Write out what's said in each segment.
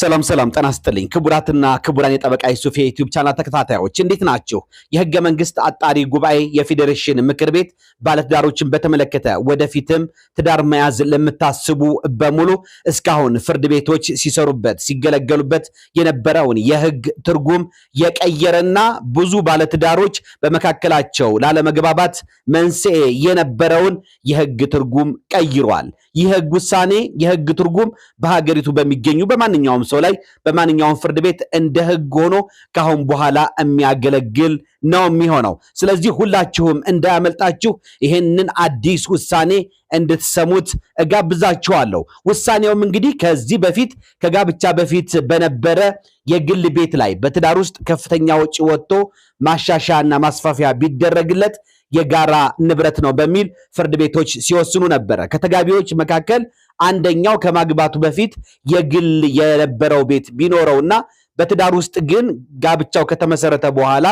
ሰላም ሰላም ጤና ይስጥልኝ ክቡራትና ክቡራን የጠበቃ ዩሱፍ የዩቲዩብ ቻናል ተከታታዮች እንዴት ናችሁ? የህገ መንግስት አጣሪ ጉባኤ የፌዴሬሽን ምክር ቤት ባለትዳሮችን በተመለከተ ወደፊትም ትዳር መያዝ ለምታስቡ በሙሉ እስካሁን ፍርድ ቤቶች ሲሰሩበት ሲገለገሉበት የነበረውን የህግ ትርጉም የቀየረና ብዙ ባለትዳሮች በመካከላቸው ላለመግባባት መንስኤ የነበረውን የህግ ትርጉም ቀይሯል። ይህ ህግ ውሳኔ የህግ ትርጉም በሀገሪቱ በሚገኙ በማንኛውም በማንኛውም ሰው ላይ በማንኛውም ፍርድ ቤት እንደ ህግ ሆኖ ከአሁን በኋላ የሚያገለግል ነው የሚሆነው። ስለዚህ ሁላችሁም እንዳያመልጣችሁ ይህንን አዲስ ውሳኔ እንድትሰሙት እጋብዛችኋለሁ። ውሳኔውም እንግዲህ ከዚህ በፊት ከጋብቻ በፊት በነበረ የግል ቤት ላይ በትዳር ውስጥ ከፍተኛ ወጪ ወጥቶ ማሻሻያና ማስፋፊያ ቢደረግለት የጋራ ንብረት ነው በሚል ፍርድ ቤቶች ሲወስኑ ነበረ። ከተጋቢዎች መካከል አንደኛው ከማግባቱ በፊት የግል የነበረው ቤት ቢኖረውና በትዳር ውስጥ ግን ጋብቻው ከተመሰረተ በኋላ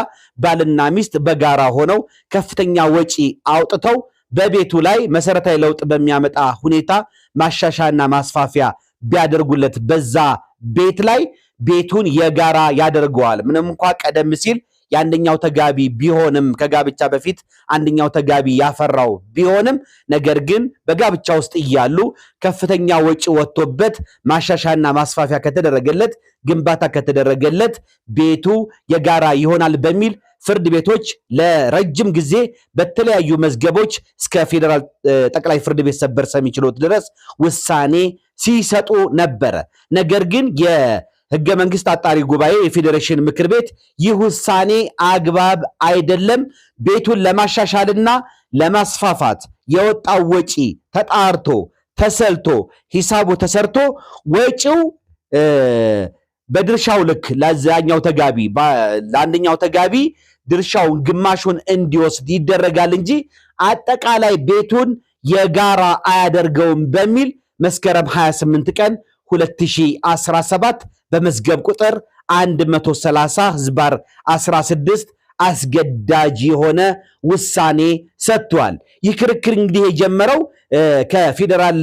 ባልና ሚስት በጋራ ሆነው ከፍተኛ ወጪ አውጥተው በቤቱ ላይ መሰረታዊ ለውጥ በሚያመጣ ሁኔታ ማሻሻያና ማስፋፊያ ቢያደርጉለት በዛ ቤት ላይ ቤቱን የጋራ ያደርገዋል። ምንም እንኳ ቀደም ሲል የአንደኛው ተጋቢ ቢሆንም ከጋብቻ በፊት አንደኛው ተጋቢ ያፈራው ቢሆንም ነገር ግን በጋብቻ ውስጥ እያሉ ከፍተኛ ወጪ ወጥቶበት ማሻሻያና ማስፋፊያ ከተደረገለት፣ ግንባታ ከተደረገለት ቤቱ የጋራ ይሆናል በሚል ፍርድ ቤቶች ለረጅም ጊዜ በተለያዩ መዝገቦች እስከ ፌዴራል ጠቅላይ ፍርድ ቤት ሰበር ሰሚ ችሎት ድረስ ውሳኔ ሲሰጡ ነበረ። ነገር ግን ህገ መንግስት አጣሪ ጉባኤ የፌዴሬሽን ምክር ቤት ይህ ውሳኔ አግባብ አይደለም፣ ቤቱን ለማሻሻልና ለማስፋፋት የወጣው ወጪ ተጣርቶ ተሰልቶ ሂሳቡ ተሰርቶ ወጪው በድርሻው ልክ ለዛኛው ተጋቢ ለአንደኛው ተጋቢ ድርሻውን ግማሹን እንዲወስድ ይደረጋል እንጂ አጠቃላይ ቤቱን የጋራ አያደርገውም በሚል መስከረም 28 ቀን 2017 በመዝገብ ቁጥር 130 ህዝባር 16 አስገዳጅ የሆነ ውሳኔ ሰጥቷል። ይህ ክርክር እንግዲህ የጀመረው ከፌዴራል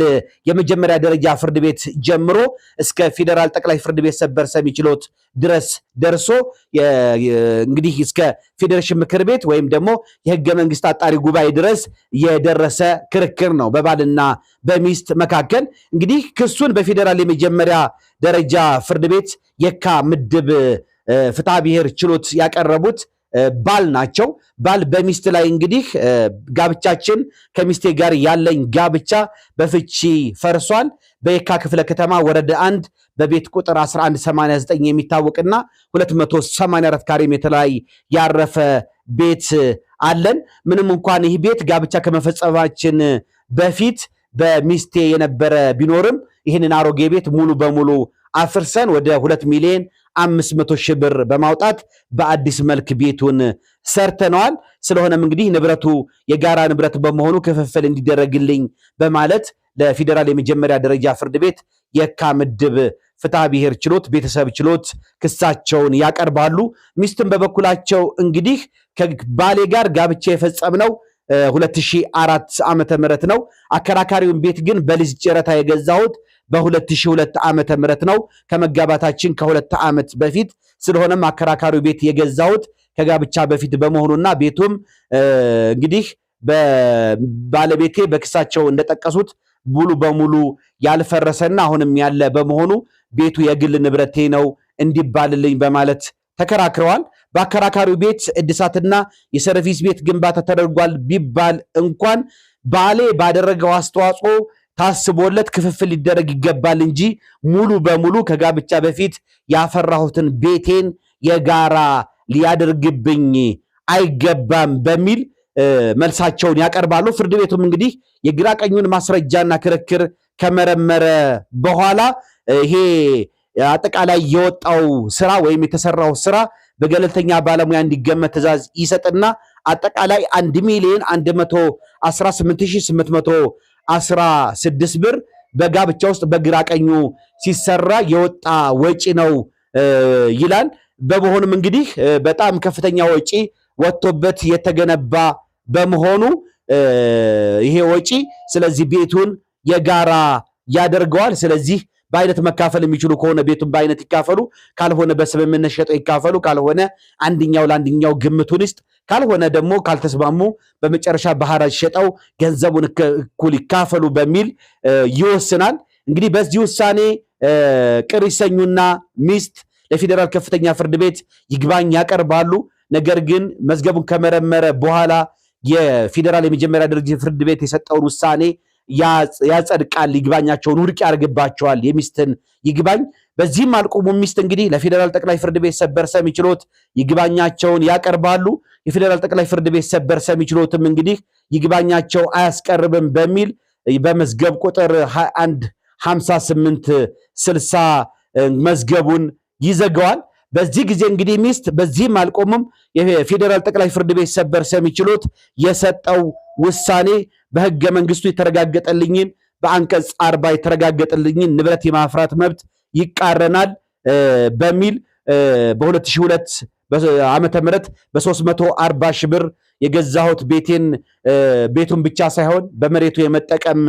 የመጀመሪያ ደረጃ ፍርድ ቤት ጀምሮ እስከ ፌዴራል ጠቅላይ ፍርድ ቤት ሰበር ሰሚ ችሎት ድረስ ደርሶ እንግዲህ እስከ ፌዴሬሽን ምክር ቤት ወይም ደግሞ የህገ መንግስት አጣሪ ጉባኤ ድረስ የደረሰ ክርክር ነው በባልና በሚስት መካከል። እንግዲህ ክሱን በፌዴራል የመጀመሪያ ደረጃ ፍርድ ቤት የካ ምድብ ፍትሐ ብሔር ችሎት ያቀረቡት ባል ናቸው። ባል በሚስት ላይ እንግዲህ ጋብቻችን ከሚስቴ ጋር ያለኝ ጋብቻ በፍቺ ፈርሷል። በየካ ክፍለ ከተማ ወረደ አንድ በቤት ቁጥር 1189 የሚታወቅና 284 ካሬ ሜትር ላይ ያረፈ ቤት አለን። ምንም እንኳን ይህ ቤት ጋብቻ ከመፈጸማችን በፊት በሚስቴ የነበረ ቢኖርም ይህንን አሮጌ ቤት ሙሉ በሙሉ አፍርሰን ወደ ሁለት ሚሊዮን አምስት መቶ ሺህ ብር በማውጣት በአዲስ መልክ ቤቱን ሰርተነዋል። ስለሆነም እንግዲህ ንብረቱ የጋራ ንብረት በመሆኑ ክፍፍል እንዲደረግልኝ በማለት ለፌዴራል የመጀመሪያ ደረጃ ፍርድ ቤት የካ ምድብ ፍትሐ ብሔር ችሎት ቤተሰብ ችሎት ክሳቸውን ያቀርባሉ። ሚስትም በበኩላቸው እንግዲህ ከባሌ ጋር ጋብቻ የፈጸምነው 2004 ዓመተ ምህረት ነው። አከራካሪውን ቤት ግን በሊዝ ጨረታ የገዛሁት በ2002 ዓመተ ምህረት ነው፣ ከመጋባታችን ከሁለት ዓመት በፊት ስለሆነም አከራካሪው ቤት የገዛሁት ከጋብቻ በፊት በመሆኑና ቤቱም እንግዲህ ባለቤቴ በክሳቸው እንደጠቀሱት ሙሉ በሙሉ ያልፈረሰና አሁንም ያለ በመሆኑ ቤቱ የግል ንብረቴ ነው እንዲባልልኝ በማለት ተከራክረዋል። በአከራካሪው ቤት እድሳትና የሰርቪስ ቤት ግንባታ ተደርጓል ቢባል እንኳን ባሌ ባደረገው አስተዋጽኦ ታስቦለት ክፍፍል ሊደረግ ይገባል እንጂ ሙሉ በሙሉ ከጋብቻ በፊት ያፈራሁትን ቤቴን የጋራ ሊያደርግብኝ አይገባም በሚል መልሳቸውን ያቀርባሉ። ፍርድ ቤቱም እንግዲህ የግራ ቀኙን ማስረጃና ክርክር ከመረመረ በኋላ ይሄ አጠቃላይ የወጣው ስራ ወይም የተሰራው ስራ በገለልተኛ ባለሙያ እንዲገመት ትእዛዝ ይሰጥና አጠቃላይ አንድ ሚሊዮን አንድ መቶ አስራ ስምንት ስምንት መቶ አስራ ስድስት ብር በጋብቻ ውስጥ በግራ ቀኙ ሲሰራ የወጣ ወጪ ነው ይላል። በመሆኑም እንግዲህ በጣም ከፍተኛ ወጪ ወጥቶበት የተገነባ በመሆኑ ይሄ ወጪ ስለዚህ ቤቱን የጋራ ያደርገዋል። ስለዚህ በአይነት መካፈል የሚችሉ ከሆነ ቤቱን በአይነት ይካፈሉ፣ ካልሆነ በስምምነት ሸጠው ይካፈሉ፣ ካልሆነ አንድኛው ለአንድኛው ግምቱን ይስጥ፣ ካልሆነ ደግሞ ካልተስማሙ በመጨረሻ በሐራጅ ሸጠው ገንዘቡን እኩል ይካፈሉ በሚል ይወስናል። እንግዲህ በዚህ ውሳኔ ቅር ይሰኙና ሚስት ለፌዴራል ከፍተኛ ፍርድ ቤት ይግባኝ ያቀርባሉ። ነገር ግን መዝገቡን ከመረመረ በኋላ የፌዴራል የመጀመሪያ ደረጃ ፍርድ ቤት የሰጠውን ውሳኔ ያጸድቃል፣ ይግባኛቸውን ውድቅ ያደርግባቸዋል የሚስትን ይግባኝ። በዚህም አልቆሙም። ሚስት እንግዲህ ለፌዴራል ጠቅላይ ፍርድ ቤት ሰበር ሰሚ ችሎት ይግባኛቸውን ያቀርባሉ። የፌዴራል ጠቅላይ ፍርድ ቤት ሰበር ሰሚ ችሎትም እንግዲህ ይግባኛቸው አያስቀርብም በሚል በመዝገብ ቁጥር 1 58 60 መዝገቡን ይዘገዋል። በዚህ ጊዜ እንግዲህ ሚስት በዚህም አልቆምም የፌዴራል ጠቅላይ ፍርድ ቤት ሰበር ሰሚ ችሎት የሰጠው ውሳኔ በህገ መንግስቱ የተረጋገጠልኝን በአንቀጽ አርባ የተረጋገጠልኝን ንብረት የማፍራት መብት ይቃረናል በሚል በ2002 ዓመተ ምህረት በ340 ሺህ ብር የገዛሁት ቤቴን ቤቱን ብቻ ሳይሆን በመሬቱ የመጠቀም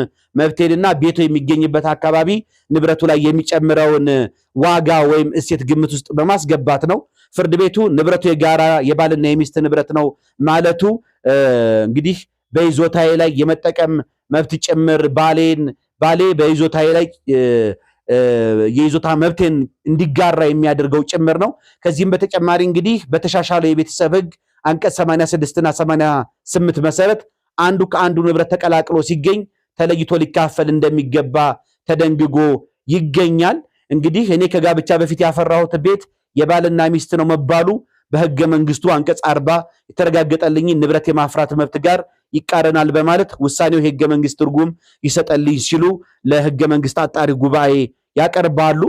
መብቴንና ቤቱ የሚገኝበት አካባቢ ንብረቱ ላይ የሚጨምረውን ዋጋ ወይም እሴት ግምት ውስጥ በማስገባት ነው። ፍርድ ቤቱ ንብረቱ የጋራ የባልና የሚስት ንብረት ነው ማለቱ እንግዲህ በይዞታዬ ላይ የመጠቀም መብት ጭምር ባሌን ባሌ በይዞታዬ ላይ የይዞታ መብቴን እንዲጋራ የሚያደርገው ጭምር ነው። ከዚህም በተጨማሪ እንግዲህ በተሻሻለው የቤተሰብ ህግ አንቀጽ 86ና 88 መሰረት አንዱ ከአንዱ ንብረት ተቀላቅሎ ሲገኝ ተለይቶ ሊካፈል እንደሚገባ ተደንግጎ ይገኛል። እንግዲህ እኔ ከጋብቻ በፊት ያፈራሁት ቤት የባልና ሚስት ነው መባሉ በህገ መንግስቱ አንቀጽ አርባ የተረጋገጠልኝ ንብረት የማፍራት መብት ጋር ይቃረናል በማለት ውሳኔው የህገ መንግስት ትርጉም ይሰጠልኝ ሲሉ ለህገ መንግስት አጣሪ ጉባኤ ያቀርባሉ።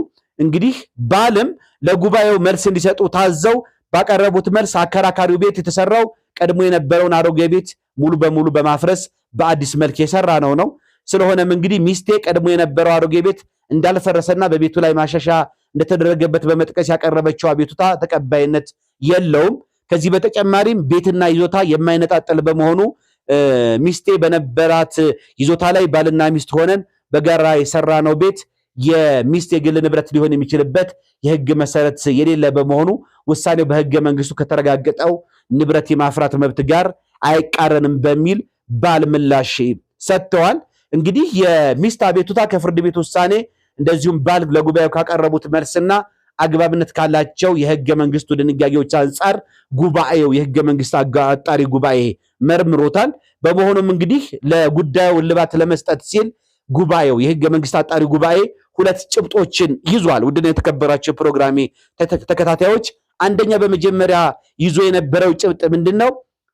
እንግዲህ ባልም ለጉባኤው መልስ እንዲሰጡ ታዘው ባቀረቡት መልስ አከራካሪው ቤት የተሰራው ቀድሞ የነበረውን አሮጌ ቤት ሙሉ በሙሉ በማፍረስ በአዲስ መልክ የሰራ ነው ነው። ስለሆነም እንግዲህ ሚስቴ ቀድሞ የነበረው አሮጌ ቤት እንዳልፈረሰና በቤቱ ላይ ማሻሻ እንደተደረገበት በመጥቀስ ያቀረበችው አቤቱታ ተቀባይነት የለውም። ከዚህ በተጨማሪም ቤትና ይዞታ የማይነጣጠል በመሆኑ ሚስቴ በነበራት ይዞታ ላይ ባልና ሚስት ሆነን በጋራ የሰራነው ቤት የሚስት የግል ንብረት ሊሆን የሚችልበት የህግ መሰረት የሌለ በመሆኑ ውሳኔው በህገ መንግስቱ ከተረጋገጠው ንብረት የማፍራት መብት ጋር አይቃረንም በሚል ባል ምላሽ ሰጥተዋል። እንግዲህ የሚስት አቤቱታ ከፍርድ ቤት ውሳኔ እንደዚሁም ባል ለጉባኤው ካቀረቡት መልስና አግባብነት ካላቸው የህገ መንግስቱ ድንጋጌዎች አንጻር ጉባኤው የህገ መንግስት አጣሪ ጉባኤ መርምሮታል። በመሆኑም እንግዲህ ለጉዳዩ እልባት ለመስጠት ሲል ጉባኤው የህገ መንግስት አጣሪ ጉባኤ ሁለት ጭብጦችን ይዟል። ውድን የተከበራቸው ፕሮግራሜ ተከታታዮች፣ አንደኛ በመጀመሪያ ይዞ የነበረው ጭብጥ ምንድን ነው?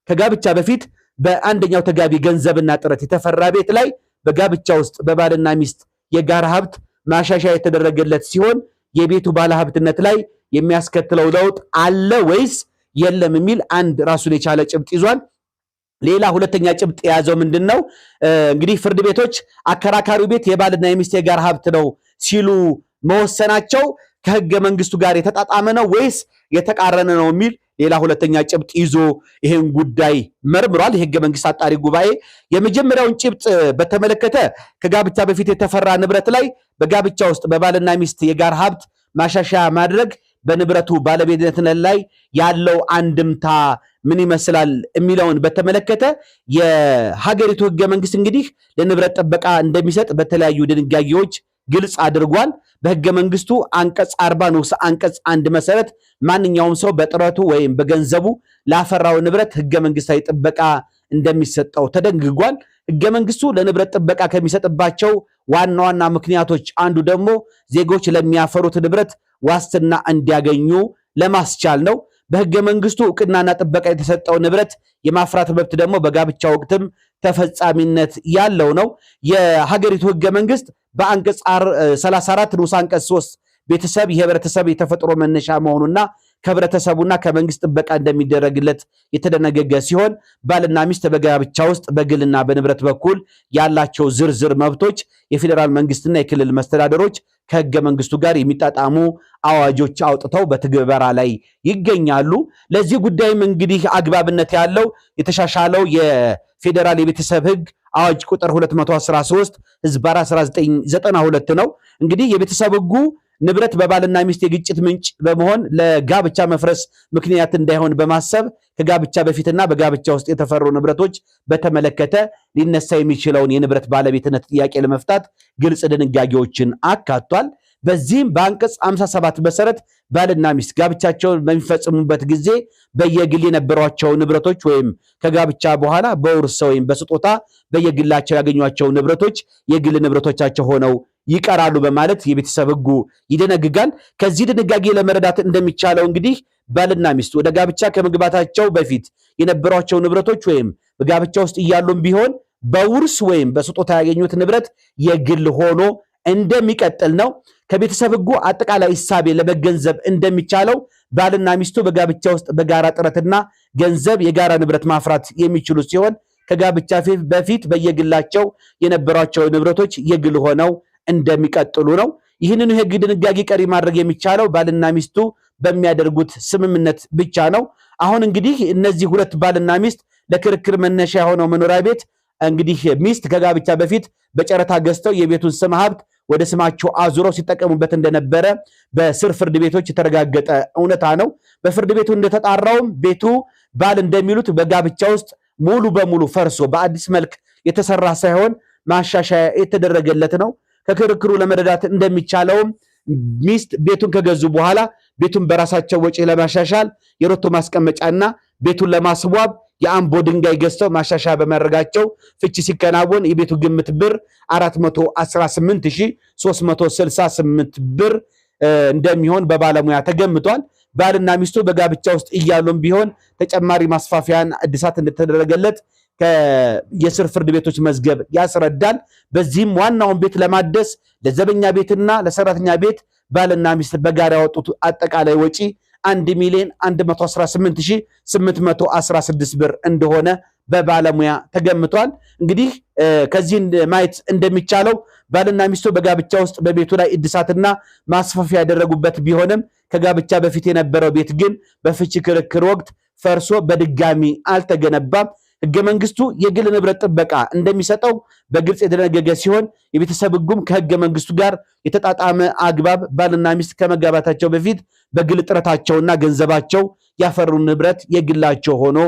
ከጋብቻ በፊት በአንደኛው ተጋቢ ገንዘብና ጥረት የተፈራ ቤት ላይ በጋብቻ ውስጥ በባልና ሚስት የጋራ ሀብት ማሻሻያ የተደረገለት ሲሆን የቤቱ ባለሀብትነት ላይ የሚያስከትለው ለውጥ አለ ወይስ የለም የሚል አንድ ራሱን የቻለ ጭብጥ ይዟል። ሌላ ሁለተኛ ጭብጥ የያዘው ምንድን ነው? እንግዲህ ፍርድ ቤቶች አከራካሪው ቤት የባልና የሚስት የጋራ ሀብት ነው ሲሉ መወሰናቸው ከህገ መንግስቱ ጋር የተጣጣመ ነው ወይስ የተቃረነ ነው የሚል ሌላ ሁለተኛ ጭብጥ ይዞ ይህን ጉዳይ መርምሯል። የህገ መንግስት አጣሪ ጉባኤ የመጀመሪያውን ጭብጥ በተመለከተ ከጋብቻ በፊት የተፈራ ንብረት ላይ በጋብቻ ውስጥ በባልና ሚስት የጋራ ሀብት ማሻሻያ ማድረግ በንብረቱ ባለቤትነት ላይ ያለው አንድምታ ምን ይመስላል የሚለውን በተመለከተ የሀገሪቱ ህገ መንግስት እንግዲህ ለንብረት ጥበቃ እንደሚሰጥ በተለያዩ ድንጋጌዎች ግልጽ አድርጓል። በህገ መንግስቱ አንቀጽ አርባ ንዑስ አንቀጽ አንድ መሰረት ማንኛውም ሰው በጥረቱ ወይም በገንዘቡ ላፈራው ንብረት ህገ መንግስታዊ ጥበቃ እንደሚሰጠው ተደንግጓል። ህገ መንግስቱ ለንብረት ጥበቃ ከሚሰጥባቸው ዋና ዋና ምክንያቶች አንዱ ደግሞ ዜጎች ለሚያፈሩት ንብረት ዋስትና እንዲያገኙ ለማስቻል ነው። በህገ መንግስቱ እውቅናና ጥበቃ የተሰጠው ንብረት የማፍራት መብት ደግሞ በጋብቻ ወቅትም ተፈጻሚነት ያለው ነው። የሀገሪቱ ህገ መንግስት በአንቀጽ 34 ንዑስ አንቀጽ 3 ቤተሰብ የህብረተሰብ የተፈጥሮ መነሻ መሆኑና ከህብረተሰቡና ከመንግስት ጥበቃ እንደሚደረግለት የተደነገገ ሲሆን ባልና ሚስት በጋብቻ ውስጥ በግልና በንብረት በኩል ያላቸው ዝርዝር መብቶች የፌዴራል መንግስትና የክልል መስተዳደሮች ከህገ መንግስቱ ጋር የሚጣጣሙ አዋጆች አውጥተው በትግበራ ላይ ይገኛሉ። ለዚህ ጉዳይም እንግዲህ አግባብነት ያለው የተሻሻለው የፌዴራል የቤተሰብ ህግ አዋጅ ቁጥር 213 ህዝብ 1992 ነው። እንግዲህ የቤተሰብ ህጉ ንብረት በባልና ሚስት የግጭት ምንጭ በመሆን ለጋብቻ መፍረስ ምክንያት እንዳይሆን በማሰብ ከጋብቻ በፊትና በጋብቻ ውስጥ የተፈሩ ንብረቶች በተመለከተ ሊነሳ የሚችለውን የንብረት ባለቤትነት ጥያቄ ለመፍታት ግልጽ ድንጋጌዎችን አካቷል። በዚህም በአንቀጽ 57 መሰረት ባልና ሚስት ጋብቻቸውን በሚፈጽሙበት ጊዜ በየግል የነበሯቸው ንብረቶች ወይም ከጋብቻ በኋላ በውርስ ወይም በስጦታ በየግላቸው ያገኟቸው ንብረቶች የግል ንብረቶቻቸው ሆነው ይቀራሉ በማለት የቤተሰብ ህጉ ይደነግጋል። ከዚህ ድንጋጌ ለመረዳት እንደሚቻለው እንግዲህ ባልና ሚስት ወደ ጋብቻ ከመግባታቸው በፊት የነበሯቸው ንብረቶች ወይም በጋብቻ ውስጥ እያሉም ቢሆን በውርስ ወይም በስጦታ ያገኙት ንብረት የግል ሆኖ እንደሚቀጥል ነው። ከቤተሰብ ህጉ አጠቃላይ እሳቤ ለመገንዘብ እንደሚቻለው ባልና ሚስቱ በጋብቻ ውስጥ በጋራ ጥረትና ገንዘብ የጋራ ንብረት ማፍራት የሚችሉ ሲሆን ከጋብቻ በፊት በየግላቸው የነበሯቸው ንብረቶች የግል ሆነው እንደሚቀጥሉ ነው። ይህንን የሕግ ድንጋጌ ቀሪ ማድረግ የሚቻለው ባልና ሚስቱ በሚያደርጉት ስምምነት ብቻ ነው። አሁን እንግዲህ እነዚህ ሁለት ባልና ሚስት ለክርክር መነሻ የሆነው መኖሪያ ቤት እንግዲህ ሚስት ከጋብቻ በፊት በጨረታ ገዝተው የቤቱን ስም ሀብት ወደ ስማቸው አዙረው ሲጠቀሙበት እንደነበረ በስር ፍርድ ቤቶች የተረጋገጠ እውነታ ነው። በፍርድ ቤቱ እንደተጣራውም ቤቱ ባል እንደሚሉት በጋብቻ ውስጥ ሙሉ በሙሉ ፈርሶ በአዲስ መልክ የተሰራ ሳይሆን ማሻሻያ የተደረገለት ነው። ከክርክሩ ለመረዳት እንደሚቻለውም ሚስት ቤቱን ከገዙ በኋላ ቤቱን በራሳቸው ወጪ ለማሻሻል የሮቶ ማስቀመጫና ቤቱን ለማስዋብ የአምቦ ድንጋይ ገዝተው ማሻሻያ በማድረጋቸው ፍቺ ሲከናወን የቤቱ ግምት ብር 418368 ብር እንደሚሆን በባለሙያ ተገምቷል። ባልና ሚስቱ በጋብቻ ውስጥ እያሉም ቢሆን ተጨማሪ ማስፋፊያን እድሳት እንደተደረገለት የስር ፍርድ ቤቶች መዝገብ ያስረዳል። በዚህም ዋናውን ቤት ለማደስ ለዘበኛ ቤትና ለሰራተኛ ቤት ባልና ሚስት በጋራ ያወጡት አጠቃላይ ወጪ 1 ሚሊዮን 118816 ብር እንደሆነ በባለሙያ ተገምቷል። እንግዲህ ከዚህ ማየት እንደሚቻለው ባልና ሚስቱ በጋብቻ ውስጥ በቤቱ ላይ እድሳትና ማስፋፊያ ያደረጉበት ቢሆንም ከጋብቻ በፊት የነበረው ቤት ግን በፍቺ ክርክር ወቅት ፈርሶ በድጋሚ አልተገነባም። ህገ መንግስቱ የግል ንብረት ጥበቃ እንደሚሰጠው በግልጽ የደነገገ ሲሆን የቤተሰብ ህጉም ከህገ መንግስቱ ጋር የተጣጣመ አግባብ ባልና ሚስት ከመጋባታቸው በፊት በግል ጥረታቸውና ገንዘባቸው ያፈሩ ንብረት የግላቸው ሆኖ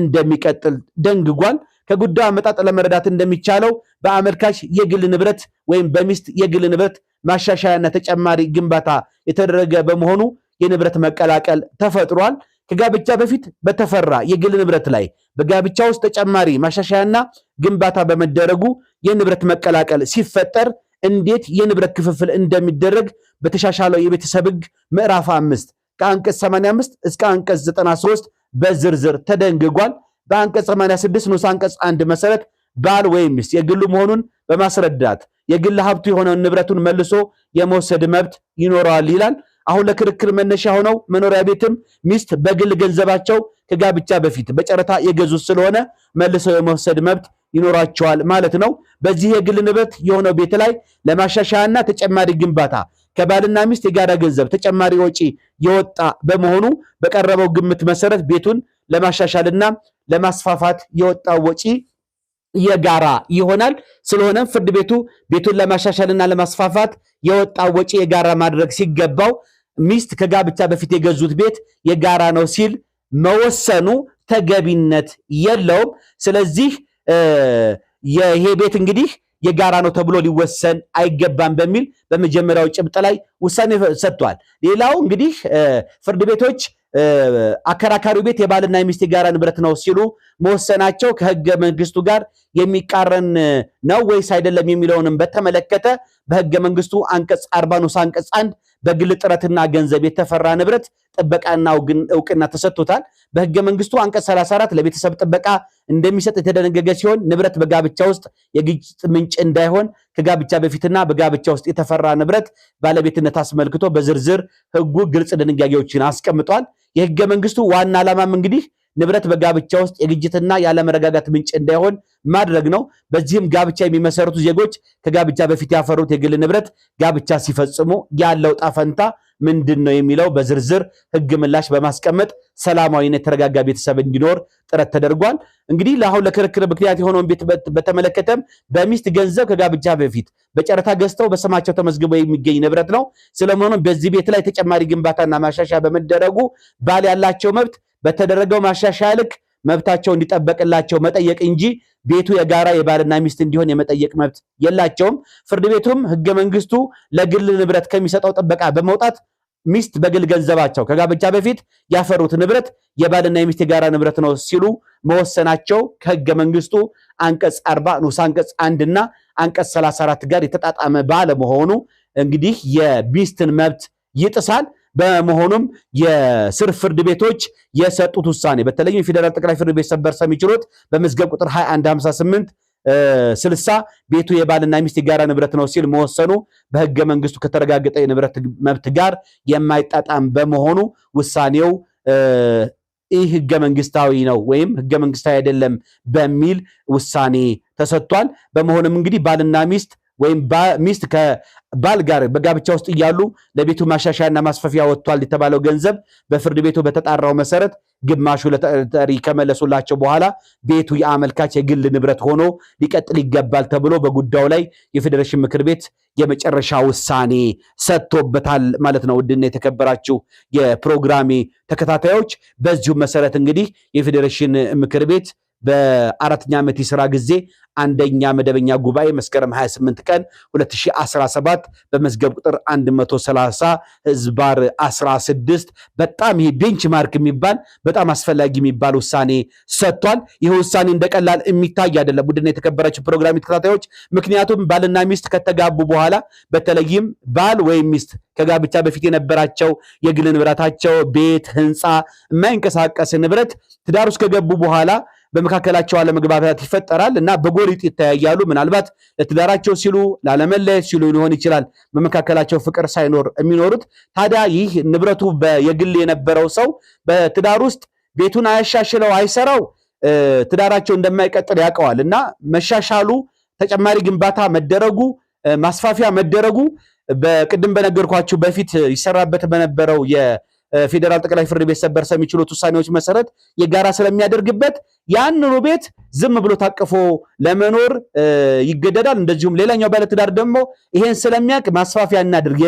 እንደሚቀጥል ደንግጓል። ከጉዳዩ አመጣጥ ለመረዳት እንደሚቻለው በአመልካች የግል ንብረት ወይም በሚስት የግል ንብረት ማሻሻያና ተጨማሪ ግንባታ የተደረገ በመሆኑ የንብረት መቀላቀል ተፈጥሯል። ከጋብቻ በፊት በተፈራ የግል ንብረት ላይ በጋብቻ ውስጥ ተጨማሪ ማሻሻያና ግንባታ በመደረጉ የንብረት መቀላቀል ሲፈጠር እንዴት የንብረት ክፍፍል እንደሚደረግ በተሻሻለው የቤተሰብ ሕግ ምዕራፍ አምስት ከአንቀጽ 85 እስከ አንቀጽ 93 በዝርዝር ተደንግጓል። በአንቀጽ 86 ንዑስ አንቀጽ አንድ መሰረት ባል ወይም ሚስት የግሉ መሆኑን በማስረዳት የግል ሀብቱ የሆነውን ንብረቱን መልሶ የመውሰድ መብት ይኖረዋል ይላል። አሁን ለክርክር መነሻ ሆነው መኖሪያ ቤትም ሚስት በግል ገንዘባቸው ከጋብቻ በፊት በጨረታ የገዙት ስለሆነ መልሰው የመውሰድ መብት ይኖራቸዋል ማለት ነው። በዚህ የግል ንብረት የሆነው ቤት ላይ ለማሻሻያና ተጨማሪ ግንባታ ከባልና ሚስት የጋራ ገንዘብ ተጨማሪ ወጪ የወጣ በመሆኑ በቀረበው ግምት መሰረት ቤቱን ለማሻሻልና ለማስፋፋት የወጣው ወጪ የጋራ ይሆናል። ስለሆነም ፍርድ ቤቱ ቤቱን ለማሻሻልና ለማስፋፋት የወጣው ወጪ የጋራ ማድረግ ሲገባው ሚስት ከጋብቻ በፊት የገዙት ቤት የጋራ ነው ሲል መወሰኑ ተገቢነት የለውም። ስለዚህ ይሄ ቤት እንግዲህ የጋራ ነው ተብሎ ሊወሰን አይገባም በሚል በመጀመሪያው ጭብጥ ላይ ውሳኔ ሰጥቷል። ሌላው እንግዲህ ፍርድ ቤቶች አከራካሪው ቤት የባልና የሚስት የጋራ ንብረት ነው ሲሉ መወሰናቸው ከህገ መንግስቱ ጋር የሚቃረን ነው ወይስ አይደለም የሚለውንም በተመለከተ በህገ መንግስቱ አንቀጽ አርባ ንዑስ አንቀጽ አንድ በግል ጥረትና ገንዘብ የተፈራ ንብረት ጥበቃና እውቅና ተሰጥቶታል። በህገ መንግስቱ አንቀጽ 34 ለቤተሰብ ጥበቃ እንደሚሰጥ የተደነገገ ሲሆን ንብረት በጋብቻ ውስጥ የግጭት ምንጭ እንዳይሆን ከጋብቻ በፊትና በጋብቻ ውስጥ የተፈራ ንብረት ባለቤትነት አስመልክቶ በዝርዝር ህጉ ግልጽ ድንጋጌዎችን አስቀምጧል። የህገ መንግስቱ ዋና ዓላማም እንግዲህ ንብረት በጋብቻ ውስጥ የግጭትና ያለመረጋጋት ምንጭ እንዳይሆን ማድረግ ነው። በዚህም ጋብቻ የሚመሰርቱ ዜጎች ከጋብቻ በፊት ያፈሩት የግል ንብረት ጋብቻ ሲፈጽሙ ያለው ጣፈንታ ምንድን ነው የሚለው በዝርዝር ህግ ምላሽ በማስቀመጥ ሰላማዊና የተረጋጋ ቤተሰብ እንዲኖር ጥረት ተደርጓል። እንግዲህ ለአሁን ለክርክር ምክንያት የሆነውን ቤት በተመለከተም በሚስት ገንዘብ ከጋብቻ በፊት በጨረታ ገዝተው በስማቸው ተመዝግቦ የሚገኝ ንብረት ነው። ስለመሆኑም በዚህ ቤት ላይ ተጨማሪ ግንባታና ማሻሻያ በመደረጉ ባል ያላቸው መብት በተደረገው ማሻሻያ ልክ መብታቸው እንዲጠበቅላቸው መጠየቅ እንጂ ቤቱ የጋራ የባልና ሚስት እንዲሆን የመጠየቅ መብት የላቸውም። ፍርድ ቤቱም ህገ መንግስቱ ለግል ንብረት ከሚሰጠው ጥበቃ በመውጣት ሚስት በግል ገንዘባቸው ከጋብቻ በፊት ያፈሩት ንብረት የባልና የሚስት የጋራ ንብረት ነው ሲሉ መወሰናቸው ከህገ መንግስቱ አንቀጽ 40 ንዑስ አንቀጽ እና አንቀጽ 34 ጋር የተጣጣመ ባለመሆኑ እንግዲህ የሚስትን መብት ይጥሳል። በመሆኑም የስር ፍርድ ቤቶች የሰጡት ውሳኔ በተለይም የፌዴራል ጠቅላይ ፍርድ ቤት ሰበር ሰሚ ችሎት በመዝገብ ቁጥር 2158 ስልሳ ቤቱ የባልና ሚስት የጋራ ንብረት ነው ሲል መወሰኑ በህገ መንግስቱ ከተረጋገጠ የንብረት መብት ጋር የማይጣጣም በመሆኑ ውሳኔው ይህ ህገ መንግስታዊ ነው ወይም ህገ መንግስታዊ አይደለም በሚል ውሳኔ ተሰጥቷል። በመሆኑም እንግዲህ ባልና ሚስት ወይም ሚስት ባል ጋር በጋብቻ ውስጥ እያሉ ለቤቱ ማሻሻያና ማስፋፊያ ወጥቷል የተባለው ገንዘብ በፍርድ ቤቱ በተጣራው መሰረት ግማሹ ለተጠሪ ከመለሱላቸው በኋላ ቤቱ የአመልካች የግል ንብረት ሆኖ ሊቀጥል ይገባል ተብሎ በጉዳዩ ላይ የፌዴሬሽን ምክር ቤት የመጨረሻ ውሳኔ ሰጥቶበታል ማለት ነው። ውድና የተከበራችሁ የፕሮግራሜ ተከታታዮች፣ በዚሁ መሰረት እንግዲህ የፌዴሬሽን ምክር ቤት በአራተኛ ዓመት የስራ ጊዜ አንደኛ መደበኛ ጉባኤ መስከረም 28 ቀን 2017 በመዝገብ ቁጥር 130 ህዝባር 16 በጣም ይሄ ቤንችማርክ የሚባል በጣም አስፈላጊ የሚባል ውሳኔ ሰጥቷል። ይህ ውሳኔ እንደቀላል የሚታይ አይደለም። ቡድና የተከበራቸው ፕሮግራም ተከታታዮች፣ ምክንያቱም ባልና ሚስት ከተጋቡ በኋላ በተለይም ባል ወይም ሚስት ከጋብቻ በፊት የነበራቸው የግል ንብረታቸው ቤት፣ ህንፃ፣ የማይንቀሳቀስ ንብረት ትዳር ውስጥ ከገቡ በኋላ በመካከላቸው አለመግባባት ይፈጠራል እና በጎሪጥ ይተያያሉ። ምናልባት ለትዳራቸው ሲሉ ላለመለየት ሲሉ ሊሆን ይችላል በመካከላቸው ፍቅር ሳይኖር የሚኖሩት። ታዲያ ይህ ንብረቱ የግል የነበረው ሰው በትዳር ውስጥ ቤቱን አያሻሽለው አይሰራው፣ ትዳራቸው እንደማይቀጥል ያውቀዋል እና መሻሻሉ ተጨማሪ ግንባታ መደረጉ ማስፋፊያ መደረጉ በቅድም በነገርኳችሁ በፊት ይሰራበት በነበረው ፌዴራል ጠቅላይ ፍርድ ቤት ሰበር ሰሚ ችሎት ውሳኔዎች መሰረት የጋራ ስለሚያደርግበት ያንኑ ቤት ዝም ብሎ ታቅፎ ለመኖር ይገደዳል። እንደዚሁም ሌላኛው ባለትዳር ደግሞ ይሄን ስለሚያውቅ ማስፋፊያ እናድርግ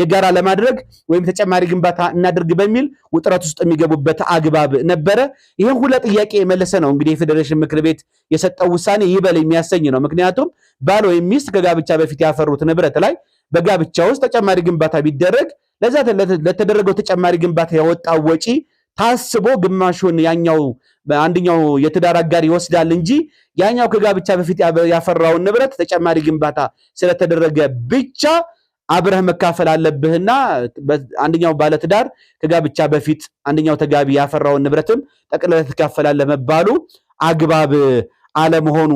የጋራ ለማድረግ ወይም ተጨማሪ ግንባታ እናድርግ በሚል ውጥረት ውስጥ የሚገቡበት አግባብ ነበረ። ይህን ሁለ ጥያቄ የመለሰ ነው እንግዲህ የፌዴሬሽን ምክር ቤት የሰጠው ውሳኔ ይበል የሚያሰኝ ነው። ምክንያቱም ባል ወይም ሚስት ከጋብቻ በፊት ያፈሩት ንብረት ላይ በጋብቻ ውስጥ ተጨማሪ ግንባታ ቢደረግ ለዛ ለተደረገው ተጨማሪ ግንባታ ያወጣው ወጪ ታስቦ ግማሹን ያኛው አንደኛው የትዳር አጋር ይወስዳል እንጂ ያኛው ከጋብቻ በፊት ያፈራውን ንብረት ተጨማሪ ግንባታ ስለተደረገ ብቻ አብረህ መካፈል አለብህና አንደኛው ባለትዳር ከጋብቻ በፊት አንደኛው ተጋቢ ያፈራውን ንብረትም ጠቅልለህ ትካፈላለህ መባሉ አግባብ አለመሆኑ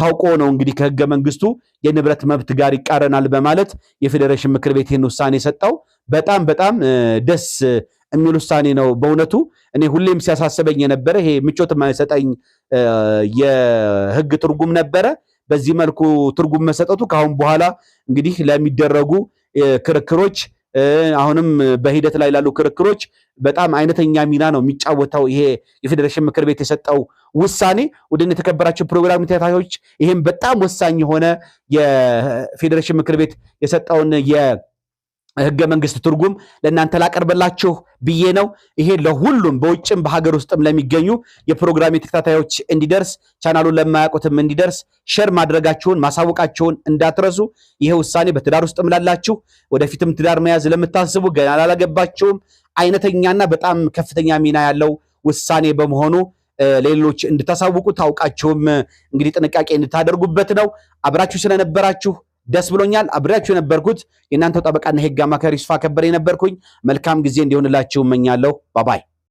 ታውቆ ነው እንግዲህ ከህገ መንግስቱ የንብረት መብት ጋር ይቃረናል በማለት የፌዴሬሽን ምክር ቤት ይህን ውሳኔ ሰጠው። በጣም በጣም ደስ የሚል ውሳኔ ነው። በእውነቱ እኔ ሁሌም ሲያሳስበኝ የነበረ ይሄ ምቾት የማይሰጠኝ የህግ ትርጉም ነበረ። በዚህ መልኩ ትርጉም መሰጠቱ ከአሁን በኋላ እንግዲህ ለሚደረጉ ክርክሮች አሁንም በሂደት ላይ ላሉ ክርክሮች በጣም አይነተኛ ሚና ነው የሚጫወተው ይሄ የፌዴሬሽን ምክር ቤት የሰጠው ውሳኔ። ውድን የተከበራቸው ፕሮግራም ተከታታዮች ይህም በጣም ወሳኝ የሆነ የፌዴሬሽን ምክር ቤት የሰጠውን የ ህገ መንግስት ትርጉም ለእናንተ ላቀርበላችሁ ብዬ ነው። ይሄ ለሁሉም በውጭም በሀገር ውስጥም ለሚገኙ የፕሮግራሜ ተከታታዮች እንዲደርስ፣ ቻናሉን ለማያውቁትም እንዲደርስ ሸር ማድረጋችሁን ማሳወቃችሁን እንዳትረሱ። ይሄ ውሳኔ በትዳር ውስጥም ላላችሁ፣ ወደፊትም ትዳር መያዝ ለምታስቡ፣ ገና ላላገባችሁም አይነተኛና በጣም ከፍተኛ ሚና ያለው ውሳኔ በመሆኑ ለሌሎች እንድታሳውቁ ታውቃችሁም እንግዲህ ጥንቃቄ እንድታደርጉበት ነው። አብራችሁ ስለነበራችሁ ደስ ብሎኛል። አብሬያችሁ የነበርኩት የእናንተው ጠበቃና የህግ አማካሪ ዩሱፍ ከበር የነበርኩኝ። መልካም ጊዜ እንዲሆንላችሁ እመኛለሁ። ባባይ